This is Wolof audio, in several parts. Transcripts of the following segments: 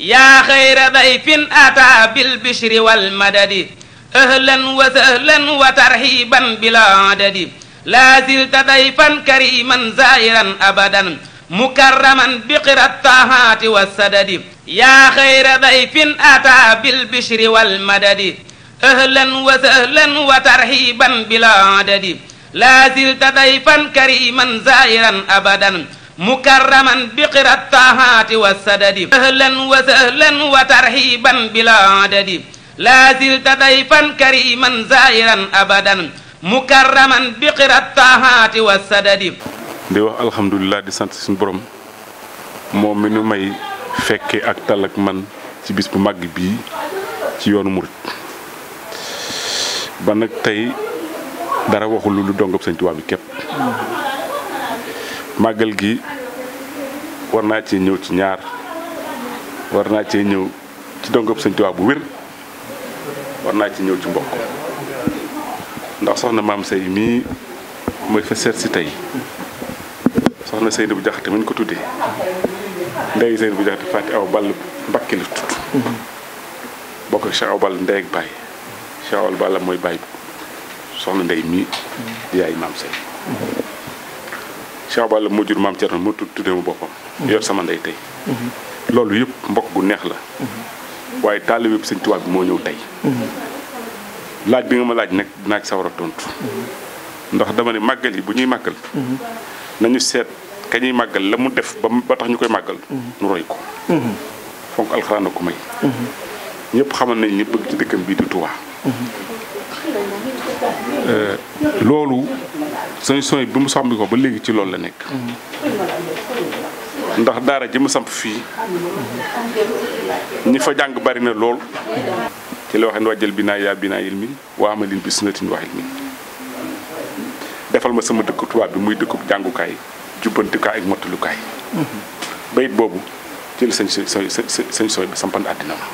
yaa xayra dayfin ataa bil bishri wal madadi ahlan wa sahlan wa tarxiiban bila adadi laa zilta dayfan kariman zaa'iran abadan mukarraman bi qirat taahaati wa sadadi yaa xayra dayfin ataa bil bishri wal madadi ahlan wa sahlan wa tarxiiban bila adadi laa zilta dayfan kariman zaa'iran abadan mukarraman bi qirat taahaati wa sadadi ahlan wa sahlan wa tarxiban bila adadi laa zilta dayfan kariman zairan abadan mukarraman bi qirat taahaati wa sadadi di wax alhamdulilah di sant suñu borom moom mi nu may fekke ak tal ak man ci bis bu màgg bii ci yoonu murit ba nag tey dara waxul lu dongab Sëñ Tuubaa bi képp màggal gi war naa cee ñëw ci ñaar war naa cee ñëw ci donk Sëñ Tuubaa bu wér war naa ci ñëw ci mbokk ndax soxna maam say mii mooy fa seet si tey soxna Seydou bu jaxate muñ ko tuddee ndey Seydou bu jaxate fàtte aw ball mbakki la tudd bokk ak ball ndey ak baay Cheikh aw ball mooy baay soxna ndey mii yaay maam say Cheikh Balla moo jur maam Thierno moo tuddee mu boppam. yor sama ndey tey. loolu yëpp mbokk gu neex la. waaye taalibe bi sëñ tubaab bi moo ñëw tey. laaj bi nga ma laaj nag dinaa ci sawar a tontu. ndax dama ne màggal yi bu ñuy màggal. nañu seet ka ñuy màggal la mu def ba tax ñu koy màggal. nu roy ko. fonk alxuraan a ko may. ñëpp xamal nañ bëgg ci dëkkam bii di euh, loolu sëñ sooy bi mu sàmbi ko ba léegi ci loolu la nekk ndax daara ji mu samp fii ñi fa jàng bari na lool ci la waxee wàjjal bi naa yaa bi naa ilmin waa amalil bi sunnatin wa defal ma sama dëkk tubaab bi muy dëkkub jàngukaay jubbantukaay ak mottalukaay bayit boobu ci la sëñ sooy sëñ sooy bi sampan àddina ma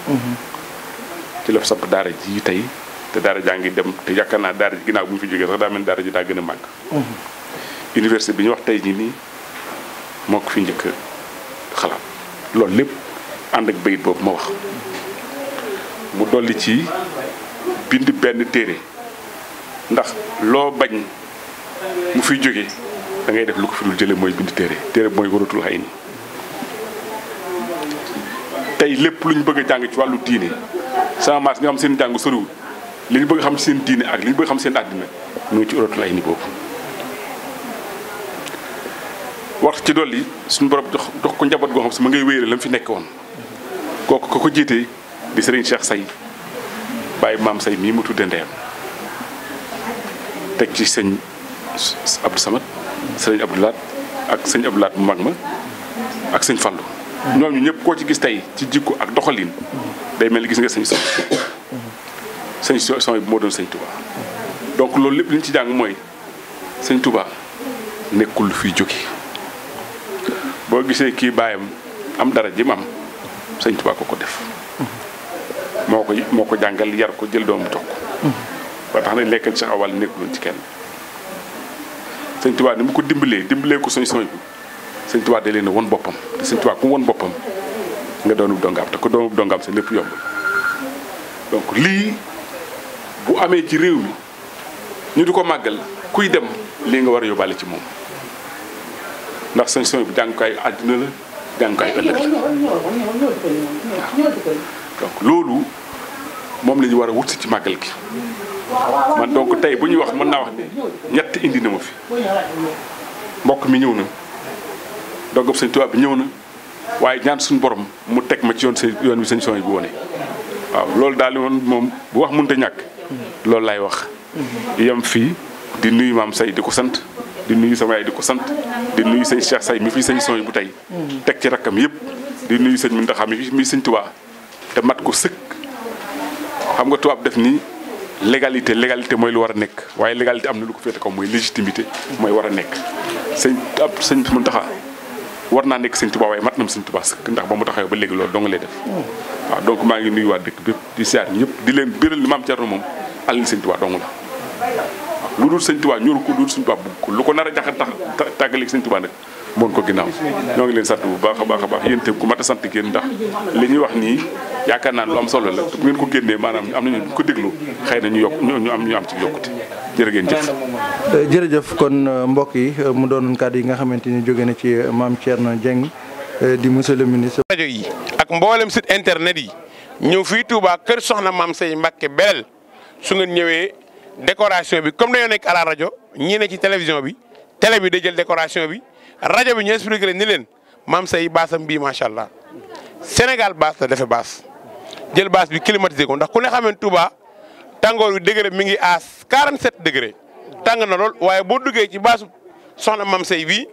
ci la samp daara ji tey te daara jaa ngi dem te yaakaar naa daara ji ginnaaw bu ñu fi jógee sax daa mel daara ji daa gën a màgg. Mhm. université bi ñu wax tey jii nii moo ko fi njëkk xalaat loolu lépp ànd ak bayit boobu ma wax mu dolli ci bind benn téere ndax loo bañ mu fiy jóge dangay def lu ko fi dul jële mooy bind téere téere mooy waratul xay nii tey lépp lu ñu bëgg jàng ci wàllu diine sama maas ñoo am seen jàngu soriwul li ñu bëgg xam seen diine ak li ñu bëgg xam seen àddina mu ngi ci uratul ay ni boobu wax ci dolli suñu borom jox jox ko njaboot goo xam si ma ngay wéyale la mu fi nekk woon kooku ko ko jiitee di sëriñ Cheikh Say bàyyi maam Say mii mu tudde ndeyam teg ci sëñ Abdou Samad sëñ Abdou Laat ak sëñ Abdou Laat mu mag ma ak sëñ Fallu ñoom ñu ñëpp koo ci gis tey ci jikko ak doxaliin day mel ni gis nga sëñ Sow sëñ sooy moo doon sëñ Touba loolu lépp li ci jàng mooy sëñ nekkul lu fiy jóge boo gisee kii baayam am dara ji mu ko ko def moo ko moo ko jàngal yar ko jël doomu toog ba na lekkal ci awal ci kenn sëñ ni mu ko dimbalee dimbalee ko sëñ sooy bi sëñ Touba da leen won boppam te sëñ Touba ku won boppam nga doonub dongaam te ko doonub dongaam sa lépp yombul donc lii bu amee ci réew mi ñu du ko màggal kuy dem lii nga war a yóbbaale ci moom ndax sëñ sëñ bi jàngukaayu àdduna la jàngukaayu ëllëg la donc loolu moom la war a wut ci màggal gi man donc tey bu ñuy wax mën naa wax ne ñett indi na ma fi mbokk mi ñëw na doggab sëñ tubaab bi ñëw na waaye ñaan suñu borom mu teg ma ci yoon sëñ yoon wi sëñ sëñ bi wone waaw loolu daal di woon moom bu wax mënta ñàkk loolu laay wax yam fii di nuyu maam say di ko sant di nuyu sama di ko sant di nuyu sëñ Cheikh say mi fi sëñ son bu tey teg ci rakkam yëpp di nuyu sëñ Muntaxa mi fi muy sëñ Tuubaa te mat ko sëkk xam nga tubaab def nii légalité légalité mooy lu war a nekk waaye légalité am na lu ko féete ko mooy légitimité mooy war a nekk sëñ ab sëñ Muntaxa war naa nekk sëñ Tuubaa waaye mat nam sëñ Tuubaa sëkk ndax ba mu taxawee ba léegi loolu dong lay def waaw donc maa ngi nuyu waa dëkk bépp di siyaar ñëpp di leen biral ni maam Thierno moom àll sëñ Tuubaa dong la lu dul sëñ Tuubaa ñor ko lu dul sëñ Tuubaa bugg ko lu ko nar a jaxal tax tàggaleeg sëñ Tuubaa nag moon ko ginnaaw ñoo ngi leen sant bu baax a baax a baax yéen itam ku mat a sant ngeen ndax li ñuy wax nii yaakaar naa lu am solo la te bu ko génnee maanaam am nañu ko déglu xëy na ñu yokk ñu am ñu am ci yokkute jërë ngeen jëf. jërëjëf kon euh, mbokk yi euh, mu doonoon kàddu yi nga xamante ni jóge na ci euh, maam Thierno Dieng di monsieur le ministre. rajo yi ak mboolem site internet yi ñëw fii Touba kër soxna maam say Mbacke Belel su ngeen ñëwee décoration bi comme dañoo nekk à rajo ñii ne ci télévision bi télé bi day jël décoration bi rajo bi ñu expliqué leen ni leen maam say baasam bii macha allah Sénégal baas la defee baas jël baas bi climatisé ko ndax ku ne xamee Touba. tàngoor wi degré mi ngi à 47 degré tàng na lool waaye boo duggee ci baasu soxna mam sey bii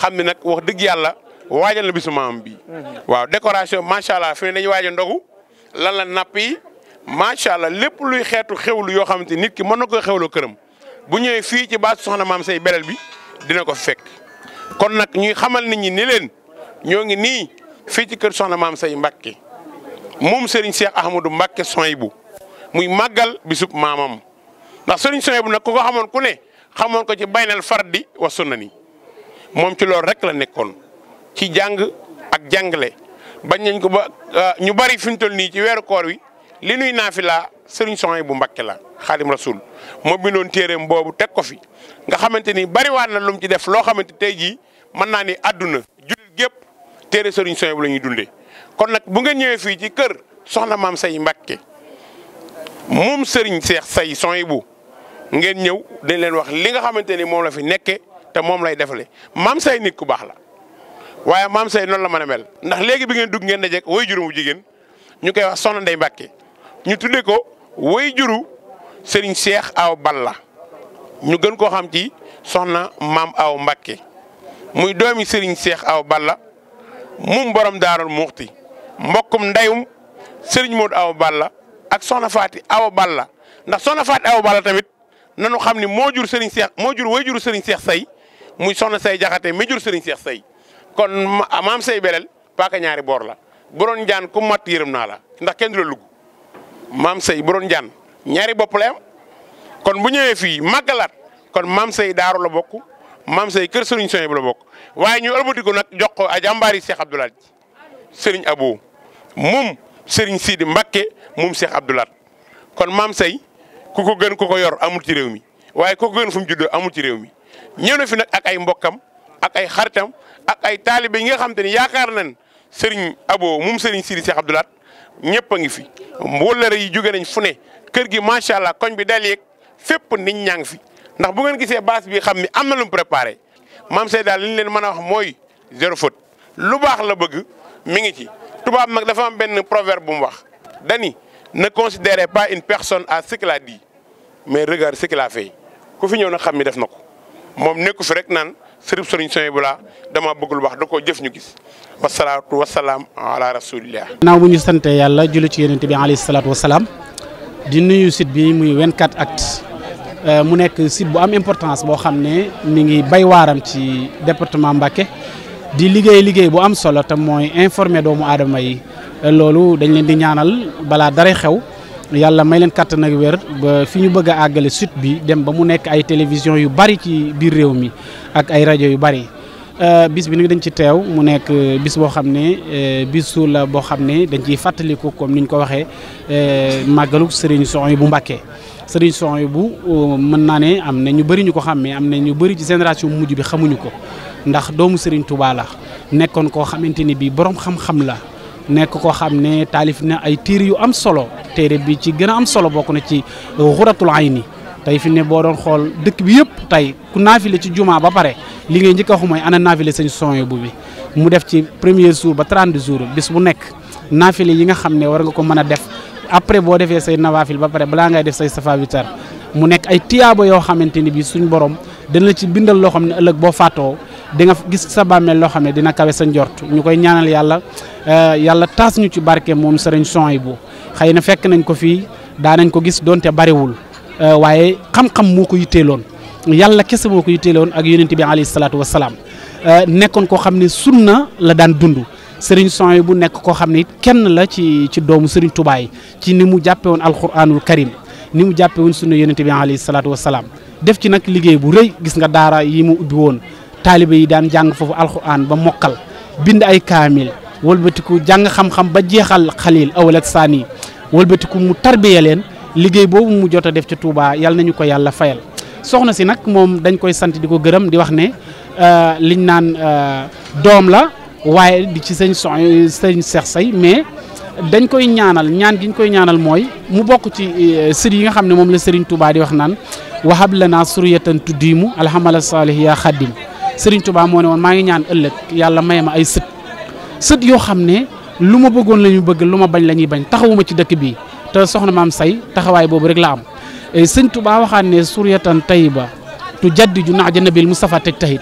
xam ne nag wax dëgg yàlla waajal na bisu maam bi mhm. waaw décoration macha allah fi ne dañuy waaj a lan la nappi yi macha allah lépp luy xeetu xewlu yoo xamante nit ki mën na xew loo këram bu ñëwee fii ci baasu soxna maam say belel bi dina ko fekk kon nag ñuy xamal nit ñi ni leen ñoo ngi nii fii ci kër soxna maam sey Mbacke moom Serigne Cheikh Ahmadou Mbacke bu muy màggal bisub maamam ndax sëriñ Suhaybu bu nag ko xamoon ku ne xamoon ko ci baynal fardi wa sunnani moom ci loolu rek la nekkoon ci jàng ak jàngale bañ nañ ko ba euh, ñu bari fi ñu nii ci weeru koor wi li nuy naafila sëriñ Suhaybu bu Mbakke la xaadim rasul moo bindoon téeréem boobu teg ko fi nga xamante ni bariwaat na lu mu ci def loo xamante tey jii mën naa ni àdduna jullit gépp téere sëriñ Suhaybu bu la ñuy dundee kon nag bu ngeen ñëwee fii ci kër soxna maam say Mbakke moom sëriñ seex say son yi bu ngeen ñëw dañ leen wax li nga xamante ni moom la fi nekke te moom lay defale maam say nit ku baax la waaye maam say noonu la mën a mel ndax léegi bi ngeen dugg ngeen dajeek way juru mu jigéen ñu koy wax soxna Ndey Mbàkke ñu tuddee ko woy juru sëriñ seex aw bal la ñu gën koo xam ci soxna maam aw Mbàkke muy doomi sëriñ seex aw bal la mum borom daarul muxti mbokkum ndeyum sëriñ Modou aw bal la ak soxna faati awa balla ndax soxna faati awa balla tamit nanu xam ni moo jur Serigne Cheikh moo jur way juru Serigne Cheikh say muy soxna say jaxate mi jur Serigne Cheikh say kon maam say belel paaka ñaari boor la boroon jaan ku mat yërëm naa la ndax kenn du la maam say boroon jaan ñaari bopp la kon bu ñëwee fii magalaat kon maam say daaru la bokk maam say kër Serigne Soye bu la bokk waaye ñu ëlbatiku nag jox ko a jàmbaari Cheikh Abdoulaye Serigne Abo moom Serigne Sidi Mbakke moom Cheikh Abdoulaat kon maam say ku ko gën ku ko yor amul ci réew mi waaye ku ko gën fu mu juddoo amul ci réew mi ñëw na fi nag ak ay mbokkam ak ay xaritam ak ay taalibe yi nga xam te ne yaakaar nañ Serigne Abo moom Serigne Sidi Cheikh Abdoulaat ñëpp a ngi fi wóllare yi jóge nañ fu ne kër gi macha allah koñ bi daal yeeg fépp niñ ñaa ngi fi ndax bu ngeen gisee base bi xam ni am na lu mu maam say daal li leen mën a wax mooy zéro faute lu baax la bëgg mi ngi ci. tubaab nag dafa am benn proverbe bu mu wax dani ne considérez pas une personne à ce qu'il mais regarde ce qu'il a fait ku fi ñëw na xam ni def na ko moom nekku fi rek naan sërib sëriñ soñ bu laa dama bëgg wax da koo jëf ñu gis wasalaatu wasalaam ala rasulillah naaw bu ñu sante yàlla julli ci yonent bi alayhi salaatu wasalaam di nuyu sit bi muy 24 actu euh, mu nekk site bu am importance boo xam ne mi ngi bay waaram ci département Mbacké di liggéey liggéey bu am solo te mooy informer doomu aadama yi loolu dañ leen di ñaanal balaa daray xew yàlla may leen kàttan ak wér ba fi ñu bëgg a àggale sut bi dem ba mu nekk ay télévision yu bari ci biir réew mi ak ay rajo yu bari euh, bis bi nag dañ ci teew mu nekk euh, bis boo xam ne euh, bisu la boo xam ne dañ ciy fàttaliku comme ni ñu ko waxee màggalu Serigne yi bu Mbacké Serigne yi bu mën naa ne am na ñu bëri ñu ko xàmmee am na ñu bëri ci génération mujj bi xamuñu ko ndax doomu Serigne Touba la nekkoon koo xamante ni bii borom xam-xam la nekk koo xam ne taalif na ay téere yu am solo téere bi ci gën a am solo bokk na ci xuratul euh, ayni tey fi ne boo doon xool dëkk bi yëpp tey ku naafile ci juma ba pare li ngay njëkk a wax mooy ana naafile sañ son bu bi mu def ci premier jour ba 30 jours bis bu nekk naafile yi nga xam ne war nga ko mën a def après boo defee say nawaafil ba pare balaa ngay def say safa mu nekk ay tiyaabo yoo xamante ni bi suñ borom dana la ci bindal loo xam ne ëllëg boo faatoo di nga gis sa bàmmeel loo xam ne dina kawe sa njort ñu koy ñaanal yàlla eh, yàlla taas ñu ci barke moom sëriñ Souhaïbou xëy na fekk nañ ko fii daanañ ko gis donte bariwul eh, waaye xam-xam moo ko yitteeloon yàlla kese moo ko yitteeloon ak yonent bi alayhi salaatu wasalaam eh, nekkoon koo xam ne sunna la daan dund sëriñ Souhaïbou bu nekk koo xam ne it kenn la ci ci doomu sëriñ tubaay ci ni mu jàppe woon alquranul karim ni mu jàppe woon sunna yonent bi alayhi salaatu wasalaam def ci nag liggéey bu rëy gis nga daara yi mu ubbi woon taalibe yi daan jàng foofu alxuraan ba mokkal bind ay kaamil wëlbatiku jàng xam-xam ba jeexal xalil awal ak saani wëlbatiku mu tarbiya leen liggéey boobu mu jot a def ca Touba yàlla nañu ko yàlla fayal soxna si nag moom dañ koy sant di ko gërëm di wax ne euh, liñ naan euh, doom la waaye di ci sëñ son sëñ Cheikh Say mais dañ koy ñaanal ñaan gi ñu koy ñaanal mooy mu bokk ci euh, sër yi nga xam ne moom la Serigne Touba di wax naan wahab la naa tuddimu alhamala mu yaa xaddim Serigne Touba moo ne woon maa ngi ñaan ëllëg yàlla maye ma ay sët sët yoo xam ne lu ma bëggoon la ñu bëgg lu ma bañ la ñuy bañ taxawuma ci dëkk bi te soxna maam say taxawaay boobu rek la am eh, sëñ Touba waxaan ne suriyatan tayyiba tu jaddiju naaja nabil Mustafa tej tahit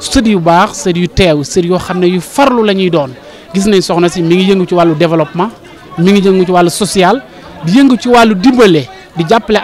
sët yu baax sët yu teew sër yoo xam ne yu farlu la ñuy doon gis nañ soxna si mi ngi yëngu ci wàllu développement mi ngi yëngu ci wàllu social di yëngu ci wàllu dimbale di jàppale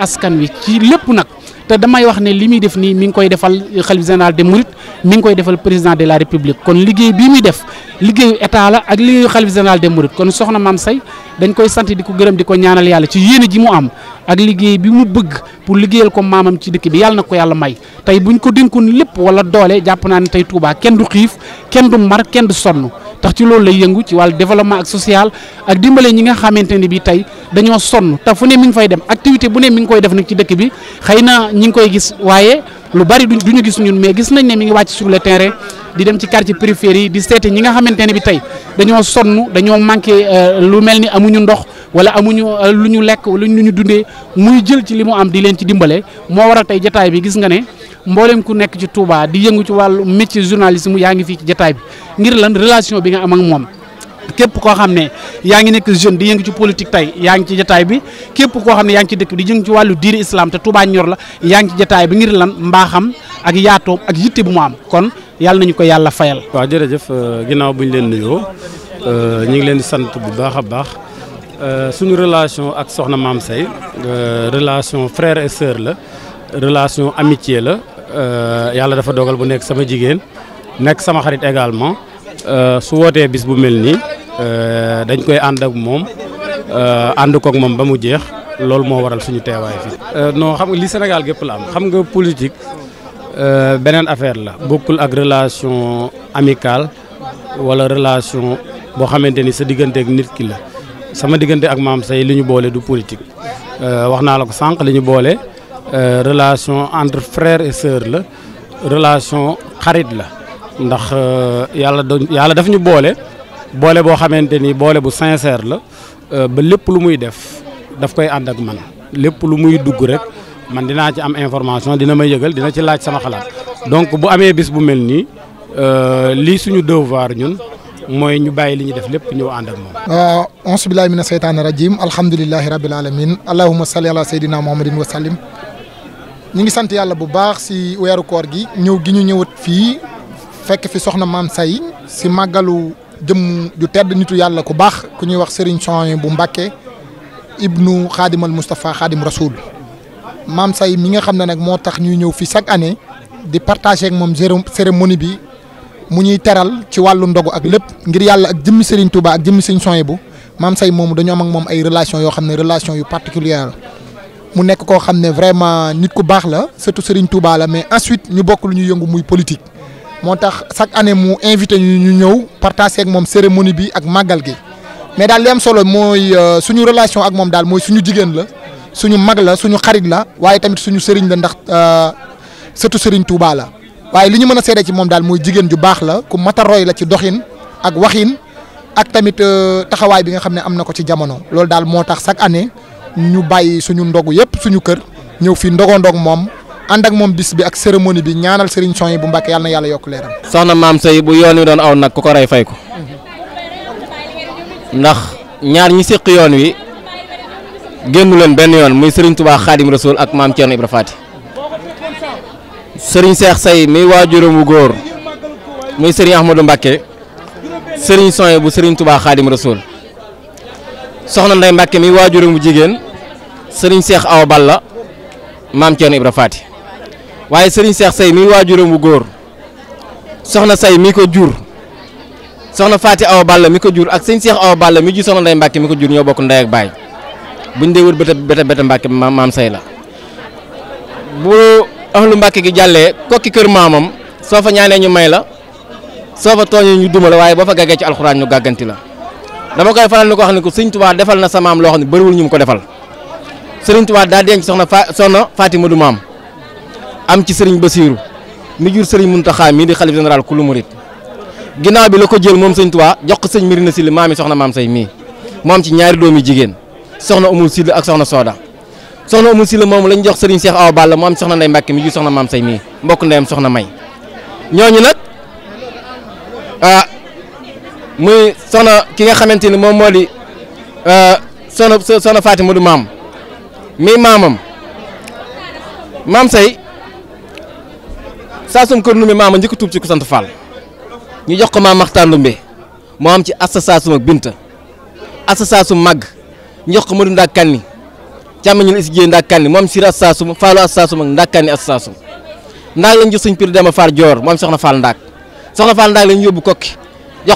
te damay wax ne li muy def nii mi ngi koy defal xalif général de Mouride mi ngi koy defal président de la république kon liggéey bii muy def liggéeyu état la ak liggéeyu xalif général de Mouride kon soxna maam say dañ koy sant di ko gërëm di ko ñaanal yàlla ci yéene ji mu am ak liggéey bi mu bëgg pour liggéeyal ko maamam ci dëkk bi yàlla na ko yàlla may tey buñ ko dénkoon lépp wala doole jàpp naa ne tey Touba kenn du xiif kenn du mar kenn du sonn. tax ci loolu lay yëngu ci wàllu développement ak social ak dimbale ñi nga xamante ne bi tey dañoo sonn te fu ne mi ngi fay dem activité bu ne mi ngi koy def nag ci dëkk bi xëy na ñi ngi koy gis waaye lu bari du ñu gis ñun mais gis nañ ne mi ngi wàcc sur le terrain di dem ci quartier périphérie di seete ñi nga xamante ne bi tey dañoo sonn dañoo manqué euh, lu mel ni amuñu ndox wala amuñu euh, lu ñu lekk wala lu ñu dundee muy jël ci li mu am di leen ci dimbale moo waral tey jataay bi gis nga ne mboolem ku nekk ci Touba di yëngu ci wàllu métier journalisme yaa ngi fii ci jataay bi ngir lan relation bi nga am ak moom képp koo xam ne yaa ngi nekk jeune di yëngu ci politique tey yaa ngi ci jataay bi képp koo xam ne yaa ngi ci dëkk bi di yëngu ci wàllu diine islam te Touba ñor la yaa ngi ci jataay bi ngir lan mbaaxam ak yaatoom ak yitte bu mu am kon yàlla nañu ko yàlla fayal. waaw jërëjëf euh, ginnaaw bu ñu leen nuyoo euh, ñu ngi leen di sant bu baax a baax euh, suñu relation ak soxna maam say relation frère et sœur la relation amitié la yàlla dafa dogal bu nekk sama jigéen nekk sama xarit également. Euh, su wootee bis bu mel nii euh, dañ koy ànd ak moom euh, ànd ak moom ba mu jeex loolu moo waral suñu teewaay fii. non xam nga li Sénégal gépp la am xam nga politique beneen affaire la bokkul ak relation amicale wala relation boo xamante ni sa diggante ak nit ki la sama diggante ak maam say li ñu boole du politique wax naa la ko sànq li ñu boole relation entre frère et sœur la relation xarit la. ndax euh, yàlla dañ yàlla daf ñu boole boole boo xamante ni boole bu sincère la euh, ba lépp lu muy def daf koy ànd ak man lépp lu muy dugg rek man dinaa ci am information dina may yëgal dina ci laaj sama xalaat donc bu amee bis bu mel nii euh, lii suñu devoir ñun mooy ñu bàyyi li ñu def lépp ñëw ànd ak moom. auzu billaahi mina seytaani rajiim alhamdulillahi rabbil aalamiin allahumma salli ala sayyidina muhammadin wa ñu ngi sant yàlla bu baax si weeru koor gi ñëw gi ñu ñëwat fii. fekk fi soxna maam say si màggalu jëm ju tedd nitu yàlla ku baax ku ñuy wax Serigne Sohaybu bu Mbàkke ibnu xaadimal Moustapha xaadim rasoul maam say mi nga xam ne nag moo tax ñuy ñëw fi chaque année di partager ak moom cérémonie bi mu ñuy teral ci wàllu ndogu ak lépp ngir yàlla ak jëmmi Serigne Touba ak jëmmi Serigne Sohaybu bu maam say moomu dañu am moom ay relation yoo xam ne relation yu particulière mu nekk koo xam ne vraiment nit ku baax la surtout Serigne Touba la mais ensuite ñu bokk lu ñuy yëngu muy politique moo tax chaque année mu invité ñu ñu ñëw partager ak moom cérémonie bi ak màggal gi mais daal li am solo mooy euh, suñu relation ak moom daal mooy suñu jigéen la suñu mag la suñu xarit la waaye tamit suñu sëriñ la ndax euh, sëtu sëriñ Touba la waaye li ñu mën a seede ci moom daal mooy jigéen ju baax la ku mat la ci doxin ak waxin ak tamit euh, taxawaay bi nga xam ne am na ko ci jamono loolu daal moo tax chaque année ñu bàyyi suñu ndogu yëpp suñu kër ñëw fi ndogoo moom ànd ak moom bis bi ak cérémonie bi ñaanal Serigne yi bu Mbàkke yàlla na yàlla yokk leeram. soxna maam sëy bu yoon wi doon aw nag ku ko rey fay ko ndax ñaar ñi séq yoon wi génnu leen benn yoon muy Serigne Touba Khadim Rasoul ak maam Thierno Ibra Fati Serigne Cheikh Say muy waajuram wu góor muy Serigne Ahmadou Mbàkke Serigne Sonhibou bu Serigne Touba Khadim Rasoul soxna Ndey Mbàkke mi waajuram bu jigéen Serigne Cheikh Awa Balla maam Thierno Ibra waaye Serigne Cheikh Seye mi waajuram bu góor soxna say mi ko jur soxna Faati Awa Balla mi ko jur ak sëñ Cheikh Awa Balla mi jur soxna Ndeye Mbacke mi ko jur ñoo bokk ndey ak baay buñ dee wër bët bët bët Mbacke maam maam Seye la bu ahlu Mbacke gi jàllee kokki kër maamam soo fa ñaanee ñu may la soo fa tooñee ñu duma la waaye boo fa gàggee ci alxuraan ñu gàgganti la dama koy faral ni ko wax ne ko sëñ Tuubaa defal na sa maam loo xam ne bëriwul ñu mu ko defal sëriñ Tuubaa daa denc soxna Fa soxna Faati Madu maam am ci sëriñ Basiiru mi jur sëriñ Muntaxa mii di xalif général ku lu murit ginnaaw bi la ko jël moom sëñ waa jox ko sëñ Mirina Silla maam mi soxna maam say mii mu am ci ñaari doomi jigéen soxna Umul Silla ak soxna Sooda soxna Umul Silla moom lañ jox sëriñ Cheikh Awa Balla mu am soxna Ndey Mbàkke mi jur soxna maam say mii mbokk ndeyam soxna May ñooñu nag ah muy soxna ki nga xamante ni moom moo di ah, soxna soxna Fatima du maam mi maamam maam say saasum kër Ndumbe maama njëkk tuub ci ku sant Fall ñu jox ko maam Maxtaar Ndumbe moo am ci assa saasum Binta assa saasum màgg ñu jox ko Madu Ndaa Kanni càmmiñul isjee Ndaa Kanni moo am siir assa saasum Faalu assa saasum ak Ndaa Kanni assa saasum ndaag lañ jox sëñ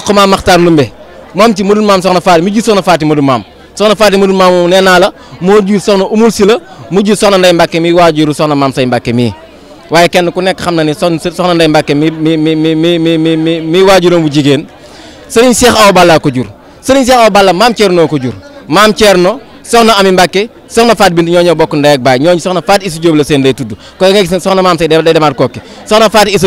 ko maam Maxtaar Ndumbe moo am ci Madu maam soxna Fall mi ji soxna Faati Madu maam soxna Faati Madu maam moom la moo jur soxna umul si la mu jur soxna Ndey Mbàkke mi waajuru soxna maam say Mbàkke mi waaye kenn ku nekk xam na ni son soxna Ndeye Mbacke mi mi mi mi mi mi mi mi mi waajuram bu jigéen sëriñ Cheikh Awa Balla ko jur sëriñ Cheikh Awa Balla maam Thierno ko jur maam Thierno soxna Ami Mbacke soxna Faat Bind ñoo ñoo bokk ndey ak baay ñooñu soxna Faat Issa Diop la seen day tudd ko nga gis soxna maam say day demaat kokki soxna ak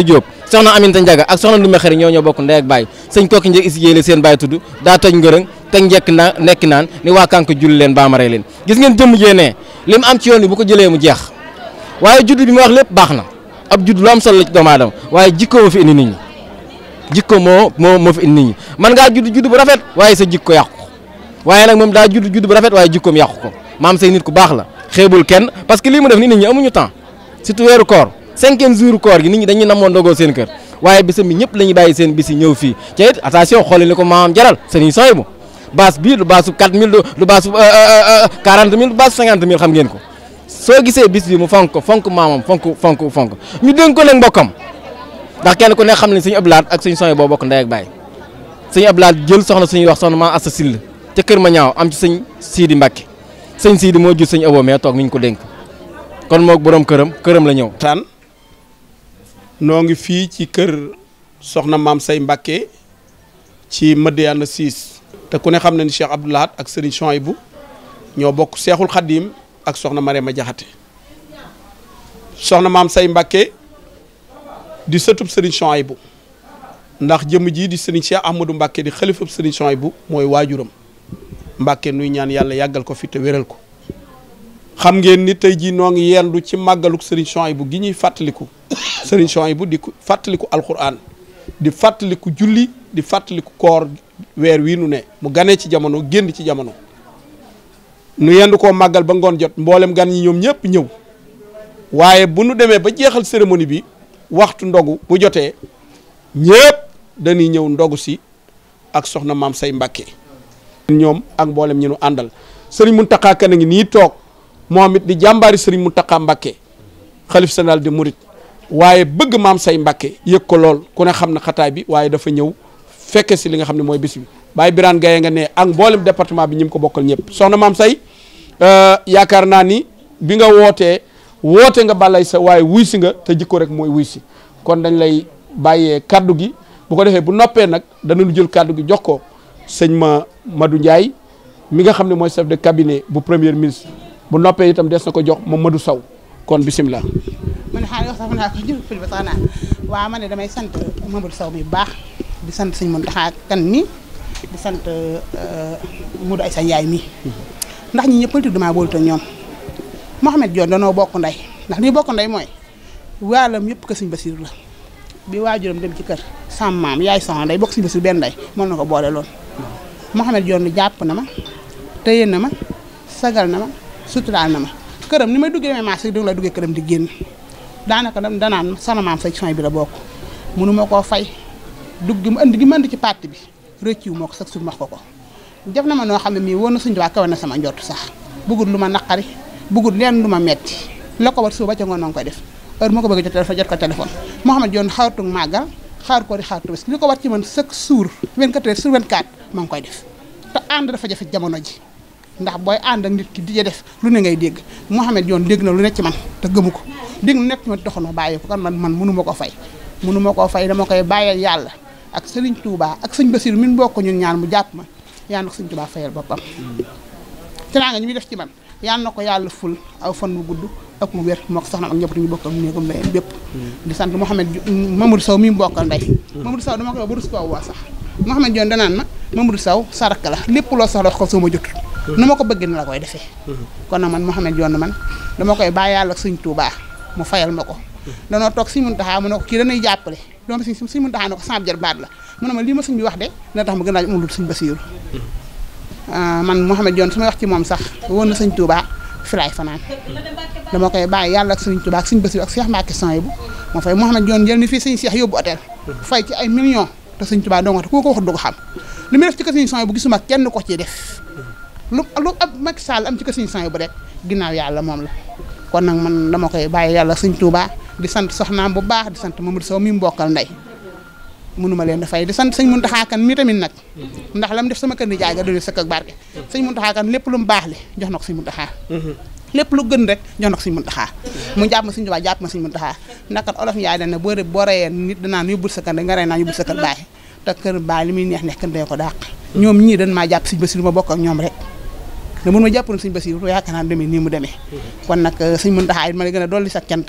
soxna Ndume Xari ñoo ñoo bokk ndey ak baay sëñ kokki njëg Issa Dieye la seen baay tudd daa toj ngërëng te njekk nekk naan ni waa kanko julli leen baamare leen gis ngeen jëmm jee ne li mu am ci yoon bu ko jëlee mu jeex waaye judd bi mu wax lépp baax na ab judd lu am solo la ci doomu aadama waaye jikko moo fi indi nit ñi moo moo moo fi man ngaa judd judd bu rafet waaye sa jikko yàqu ko waaye nag moom daa judd judd bu rafet waaye jikkoom yàqu ko maam say nit ku baax la xeebul kenn parce que lii mu def ni nit ñi amuñu temps surtout weeru koor cinquième jour koor gi nit ñi dañuy namoon ndogoo seen kër waaye bisam bi ñëpp la ñuy bàyyi seen bis yi ñëw fii te it attention xoolal ni ko maam jaral seen i sooy bu baas bii lu baasu 4000 euh, euh, euh, ngeen ko soo gisee bis bi mu fonk ko fonk maamam fonk fonk fonk ñu dénk ko nag mbokkam ndax kenn ku ne xam ne suñu ablaat ak suñu sooy boo bokk ndey ak baay suñu ablaat jël soxna suñuy wax soxna maa Asta Syll kër ma ñaaw sëñ Sidi Mbacke sëñ Sidi moo jur sëñ Abo mais toog niñ ko dénk kon moog borom këram këram la ñëw. tan noo ngi fii ci kër maam say Mbacke ci Madiana 6 te ku ne xam ne ni Cheikh Abdoulahat ak Serigne Chouaïbou ñoo bokk Seexul Xaddiim ak soxna Marema Jaxate soxna maam say Mbàkke di sëtub sëriñ Souhaïbou ndax jëmm jii di sëriñ Cheikh Ahmadou Mbàkke di xalifab sëriñ bu mooy waajuram Mbàkke nuy ñaan yàlla yàggal ko fi te wéral ko xam ngeen ni tey jii noo ngi yendu ci màggaluk sëriñ bu gi ñuy fàttaliku sëriñ bu di fàttaliku alquran di fàttaliku julli di fàttaliku koor weer wii nu ne mu ganee ci jamono génn ci jamono nu yendu koo màggal ba ngoon jot mboolem gan ñi ñoom ñëpp ñëw waaye bu nu demee ba jeexal cérémonie bi waxtu ndogu bu jotee ñëpp dañuy ñëw ndogu si ak soxna maam say Mbàkke ñoom ak mboolem ñi nu àndal sëriñ Muntaxa Kane ngi nii toog moom it di jàmbaari sëriñ Muntaxa Mbàkke xalif général di Murit waaye bëgg maam say Mbàkke yëg ko lool ku ne xam na xataay bi waaye dafa ñëw fekke si li nga xam ne mooy bis bi Baye Birane Gaye nga ne ak mboolem département bi ñi mu ko bokkal ñëpp soxna maam say euh, yaakaar naa ni bi nga wootee woote nga balay sa waaye wuy si nga te jikko rek mooy wuy si kon dañ lay bàyyee kaddu gi bu ko defee bu noppee nag danañu jël kaddu gi jox ko sëñ ma madu Ndiaye mi nga xam ne mooy chef de cabinet bu premier ministre bu noppee itam des na ko jox moom madu saw kon bisimilah. man xaaral wax sax mën naa ko jël fil ba tax naa waaw ne damay baax di sant sëñ Mountakha kan mi. di sant euh, Modou Aïssa yaay mi ndax ñi ñëpp politique damaa boolu ta ñoom Mohamed Dione danoo bokk ndey ndax li bokk ndey mooy waalam yëpp ko Sëñ Basiru la bi waajuram dem ci kër sama maam yaay sama ndey bokk Sëñ Basiru benn ndey moom na ko boole loon Mohamed Dione jàpp na ma téye na ma sagal na ma suturaal na ma këram ni may duggee damay marché di la duggee këram di génn daanaka dam danaan sama maam say soñ bi la bokk mënu ma koo fay dugg gi mu andi gi mu andi ci parti bi rëccu moo ko sax suñu wax ko ko def na ma noo xam ne mii woon na suñu waa kawe na sama njott sax bëggul lu ma naqari bëggul leen lu ma metti la ko war suba ca ngoon ma ngi koy def yoon xaaratu màggal man koy def te dafa jafe jamono ji ndax booy ànd ak nit ki di def lu ne ngay dégg Mouhamed yoon dégg na lu nekk ci man te gëmu ko dégg na nekk ci man taxoon ma bàyyi ko kon man man mënu ma ko fay mënu ma koo fay dama koy bàyyal yàlla ak Serigne tuubaa ak sëñ Basiir min bokk ñun ñaan mu jàpp ma yal na ko sëñ Touba fayal boppam. teraanga ñu muy def ci man yal na ko yàlla ful aw fan mu gudd ak mu wér moo ko soxnaam ak ñëpp ñu bokkal néegam ndeyam bépp. di sant Mouhamed Sow mi mu bokkal ndey. Mamadou Sow dama koy wax ba rus koo woo sax Mouhamed Dione danaan ma la lépp loo soxla wax ko soo ma jot. nu ko bëgg na la koy defee. kon na man Mouhamed Dione man dama koy bàyyi yàlla ak sëñ mu fayal ma ko. danoo toog si mun taxaa mu ne ko kii dañuy jàppale doom si suñ mën taxaa ne ko sama jar baat la mu ne ma lii ma sëñ bi wax de dina tax ma gën a amul sëñ Basiiru ah, man Mouhamed Dione su may wax ci moom sax woon na sëñ Touba fi laay fanaan dama koy bàyyi yàlla ak sëñ Touba ak sëñ Basiiru ak Cheikh Mbacké Sow bu moo fay Mouhamed Dione jël ni fii sëñ Cheikh yóbbu hôtel fay ci ay millions te sëñ Touba doo nga te ku ko wax du li muy def ci kër sëñ kenn ko ci def lu lu ab Macky Sall am ci kër sëñ Sow bu rek ginnaaw yàlla moom la kon nag man dama koy bàyyi yàlla sëñ Touba di sant soxnaam bu baax di sant Mamadou Sow mi mu bokkal ndey mënuma leen dafay di sant sëñ Muntaxa Kan mi tamit nag ndax la mu def sama ni jaay ga doone sëkk ak barke sëñ Kan lépp lu mu baax li jox na ko sëñ Muntaxa lépp lu gën rek jox na ko sëñ Muntaxa mu jàpp ma sëñ Tuubaa jàpp ma sëñ Muntaxa ndax kat olof yaay boo boo reyee nit danaan yóbbul sa kër nga naa yóbbul sa kër baay te kër baay muy neex neex kër ko dàq ñoom ñii dañ maa jàpp sëñ Basiru ma bokk ak ñoom rek da mën ma jàppoon yaakaar naa demee nii mu demee kon nag sëñ mun it ma la gën a dolli sa cant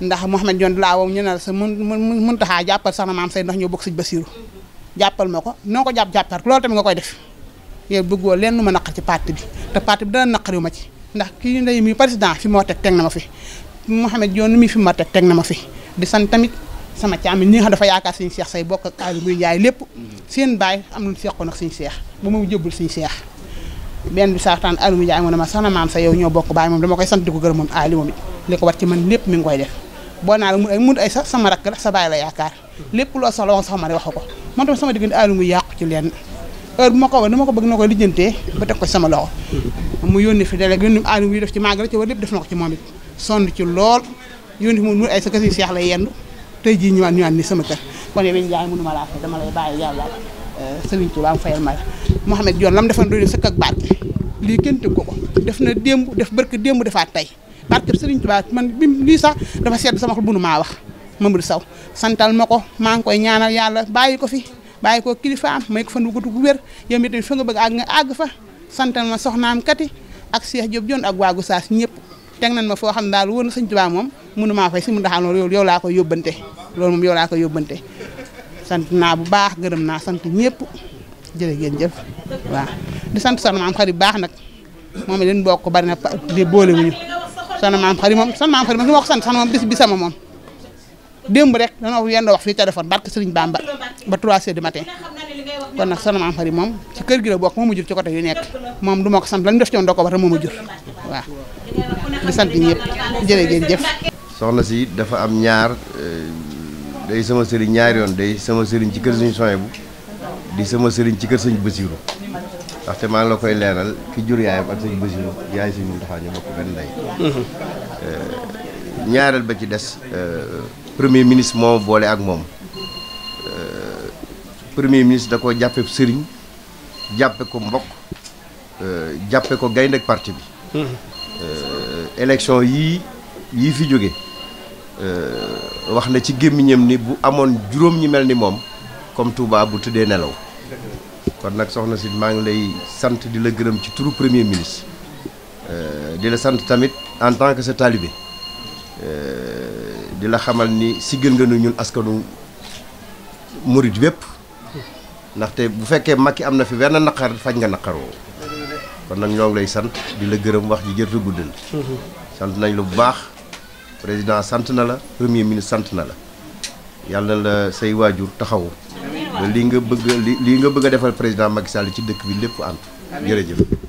ndax Mouhamed Ndione du laa woo ñu ne la sa mun mun mun taxaa jàppal sax na maam ndax ñoo bokk sëñ Basiiru jàppal ma ko noo ko jàpp jàppal loolu tamit nga koy def yow bëggoo leen lu ma naqar ci parti te parti bi dana naqariw ma ci ndax kii ndey mi président fi moo teg teg na ma fi Mouhamed Ndione mi fi ma teg teg na ma fi di sant tamit sama càmmi ñi dafa yaakaar suñu seex say bokk ak aali muy lépp seen baay am lu seqoon ak suñu seex mu jëbbul suñu seex benn bi saataan aali muy yaay mu ne ma sax na maam sa yow ñoo bokk baay moom dama koy sant di ko gërëm moom moom it li ko war ci man lépp mi ngi koy def boo naa la mun ay mun sax sama rakk ndax sa baay la yaakaar lépp loo soxla woon ma ne waxu ko man tam sama diggante aali mu yàqu ci lenn heure bu ma ko war ni ma ko bëgg na koy lijjantee ba teg ko sama loxo mu yónni fi délégué yónni aali mu def ci màggal ci war lépp def na ko ci moom it sonn lool yónni fi mu ay sa kasi seex la yendu tey jii ñu ñëwaat ni sama kër kon yow yaay ma laa fay dama lay bàyyi yàlla euh, Sëriñ Tuubaa am fayal ma la Mouhamed Dione lam defoon doy na ak baat lii kenn tëgg ko ko def na démb def barke démb defaat tey barke Serigne Touba man bi lii sax dafa sedd sama xol bunu maa wax Mamadou saw santal ma ko maa ngi koy ñaanal yàlla bàyyi ko fi bàyyi ko am may ko fan wu gudd bu wér yow mi fa nga bëgg àgg nga àgg fa santal ma soxnaam kati ak Cheikh Diop Dione ak waa Gossas ñëpp teg nañ ma foo xam ne daal wóor na Serigne Touba moom mënu maa fay si mu ndaxaan loolu yow laa koy yóbbante loolu moom yow laa koy yóbbante sant naa bu baax gërëm naa sant ñëpp jërë ngeen jëf waaw di sant soxna ma am xarit baax nag moom leen bokk bari na de boolewuñu san maam xari moom san maam xari moom li ma ko sant san moom bis bi moom démb rek danoo yendoo wax fii téléphone barke Sëriñ Bamba ba 3 heures du matin kon nag san maam xari moom ci kër gi la bokk moo ma jur ci côté yu nekk moom du ma ko sant lan def ci woon da ko war a moo ma jur waaw di sant ñëpp jërë ngeen jëf soxna si dafa am ñaar euh, day sama sëriñ ñaari yoon day sama sëriñ ci kër suñu soye bu di sama sëriñ ci kër suñu Basiru ndaxte maa la koy leeral ki jur yaayam ak sëñ Basiru yaay sëñ Muntaxa ñu bokk benn ndey mm-hmm. ñaareel ba ci des euh, premier ministre moo boole ak moom euh, premier ministre da ko jàppe sëriñ jàppe ko mbokk euh, jàppe ko gaynde ak parti bi mm-hmm. élection yii yii fi jóge wax na ci gémmiñam ni bu amoon juróom ñi mel ni moom comme Touba bu tëddee nelaw kon nag soxna si maa ngi lay sant di la gërëm ci turu premier ministre euh, di la sant tamit en tant que sa talibé euh, di la xamal ni si gën nga nu ñun askanu murit bépp ndaxte bu fekkee Macky am na fi benn naqar faj nga naqaroo kon nag ñoo ngi lay sant di la gërëm wax ji jërëjëf guddal sant nañ la bu baax président sant na la premier ministre sant na la yàlla la say waajur taxaw li nga bëgg li nga bëgg defal président Macky Sall ci dëkk bi lépp ànd jërëjëf